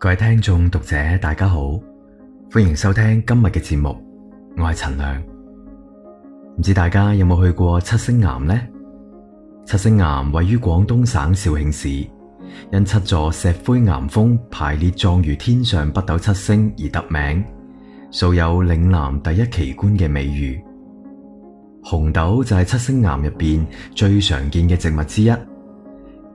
各位聽眾讀者大家好，歡迎收聽今日嘅節目，我係陳亮。唔知大家有冇去過七星岩呢？七星岩位於廣東省肇慶市，因七座石灰岩峰排列狀如天上北斗七星而得名，素有嶺南第一奇觀嘅美譽。紅豆就係七星岩入邊最常見嘅植物之一，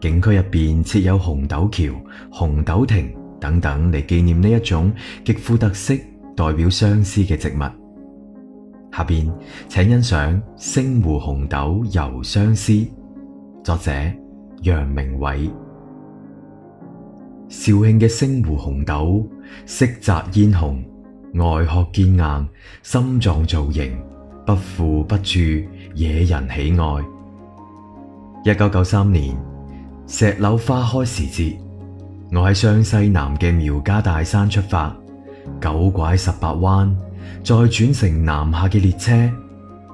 景區入邊設有紅豆橋、紅豆亭。等等嚟紀念呢一種極富特色、代表相思嘅植物。下邊請欣賞《星湖紅豆遊相思》，作者楊明偉。肇慶嘅星湖紅豆色澤殷紅，外殼堅硬，心臟造型，不腐不蛀，惹人喜愛。一九九三年，石榴花開時節，我喺湘西南嘅苗家大山出發，九拐十八彎，再轉乘南下嘅列車，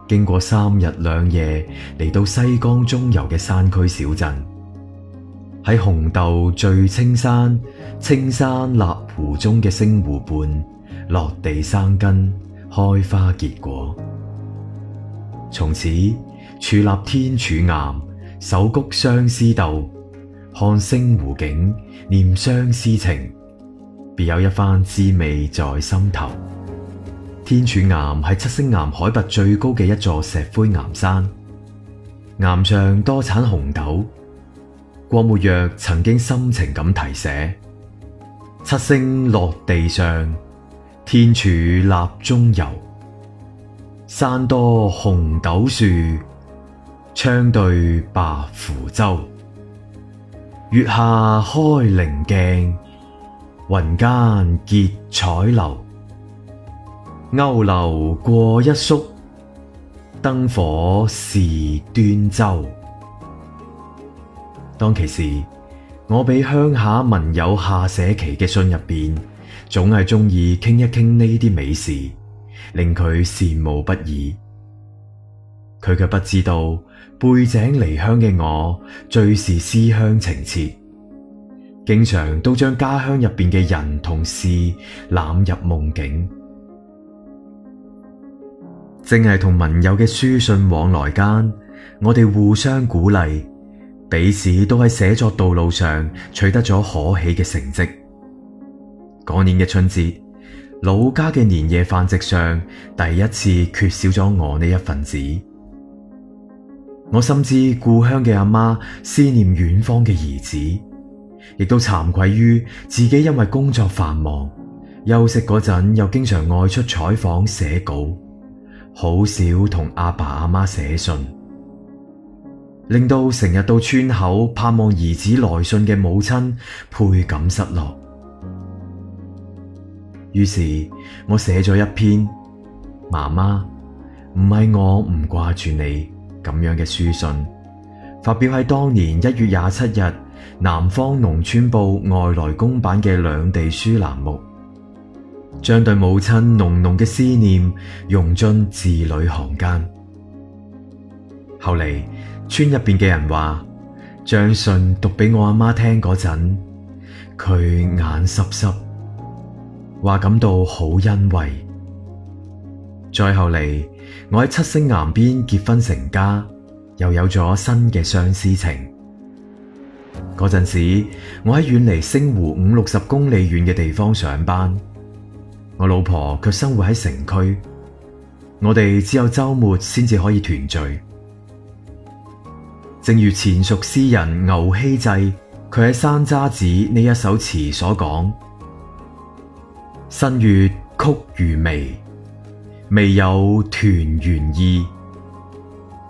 經過三日兩夜，嚟到西江中游嘅山區小鎮。喺紅豆綴青山，青山立湖中嘅星湖畔，落地生根，開花結果。從此，佇立天柱岩，手掬相思豆。看星湖景，念相思情，別有一番滋味在心頭。天柱岩係七星岩海拔最高嘅一座石灰岩山，岩上多產紅豆。郭沫若曾經深情咁題寫：七星落地上，天柱立中游，山多紅豆樹，窗對白鳧洲。月下開菱鏡，雲間結彩樓。勾留過一宿，燈火是端州。當其時，我俾鄉下文友夏社旗嘅信入邊，總係鍾意傾一傾呢啲美事，令佢羨慕不已。佢卻不知道。背井離鄉嘅我，最是思鄉情切，經常都將家鄉入邊嘅人同事攬入夢境。正係同文友嘅書信往來間，我哋互相鼓勵，彼此都喺寫作道路上取得咗可喜嘅成績。嗰年嘅春節，老家嘅年夜飯席上，第一次缺少咗我呢一份子。我深知故鄉嘅阿媽思念遠方嘅兒子，亦都慚愧於自己因為工作繁忙，休息嗰陣又經常外出採訪寫稿，好少同阿爸阿媽寫信，令到成日到村口盼望兒子來信嘅母親倍感失落。於是我寫咗一篇《媽媽，唔係我唔掛住你》。咁樣嘅書信發表喺當年一月廿七日《南方農村報》外來工版嘅兩地書欄目，將對母親濃濃嘅思念融進字裏行間。後嚟村入邊嘅人話，張信讀俾我阿媽聽嗰陣，佢眼濕濕，話感到好欣慰。再後嚟。我喺七星岩邊結婚成家，又有咗新嘅相思情。嗰陣時，我喺遠離星湖五六十公里遠嘅地方上班，我老婆卻生活喺城區，我哋只有周末先至可以團聚。正如前蜀詩人牛希濟佢喺生查子呢一首詞所講：新月曲如眉。未有團圓意，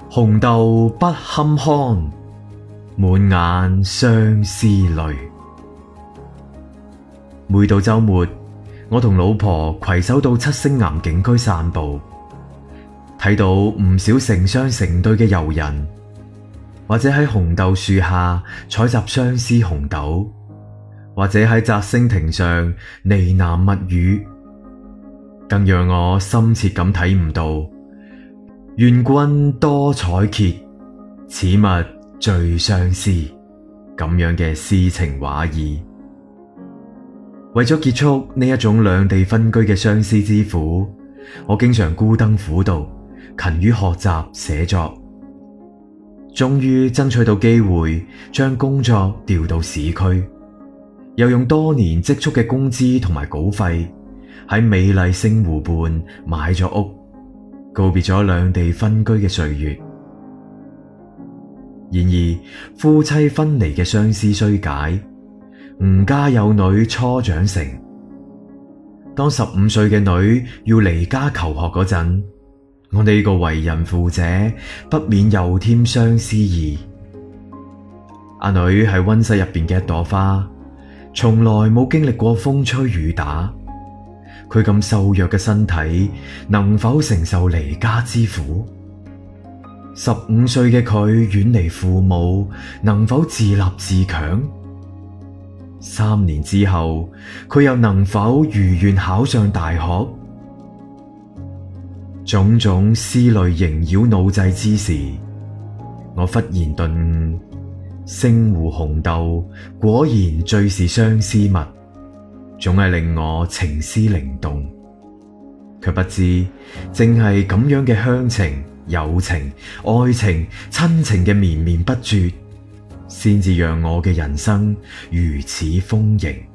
紅豆不堪看，滿眼相思淚。每到周末，我同老婆攜手到七星岩景區散步，睇到唔少成雙成對嘅遊人，或者喺紅豆樹下採集相思紅豆，或者喺摘星亭上呢喃密語。更讓我深切咁體悟到，願君多採擷，此物最相思。咁樣嘅詩情畫意，為咗結束呢一種兩地分居嘅相思之苦，我經常孤燈苦讀，勤於學習寫作。終於爭取到機會，將工作調到市區，又用多年積蓄嘅工資同埋稿費。喺美麗星湖畔買咗屋，告別咗兩地分居嘅歲月。然而夫妻分離嘅相思雖解，吾家有女初長成。當十五歲嘅女要離家求學嗰陣，我哋呢個為人父者不免又添相思意。阿女喺温室入邊嘅一朵花，從來冇經歷過風吹雨打。佢咁瘦弱嘅身體，能否承受離家之苦？十五歲嘅佢遠離父母，能否自立自強？三年之後，佢又能否如願考上大學？種種思慮縈繞腦際之時，我忽然頓悟：星湖紅豆果然最是相思物。總係令我情思靈動，卻不知，正係咁樣嘅鄉情、友情、愛情、親情嘅綿綿不絕，先至讓我嘅人生如此豐盈。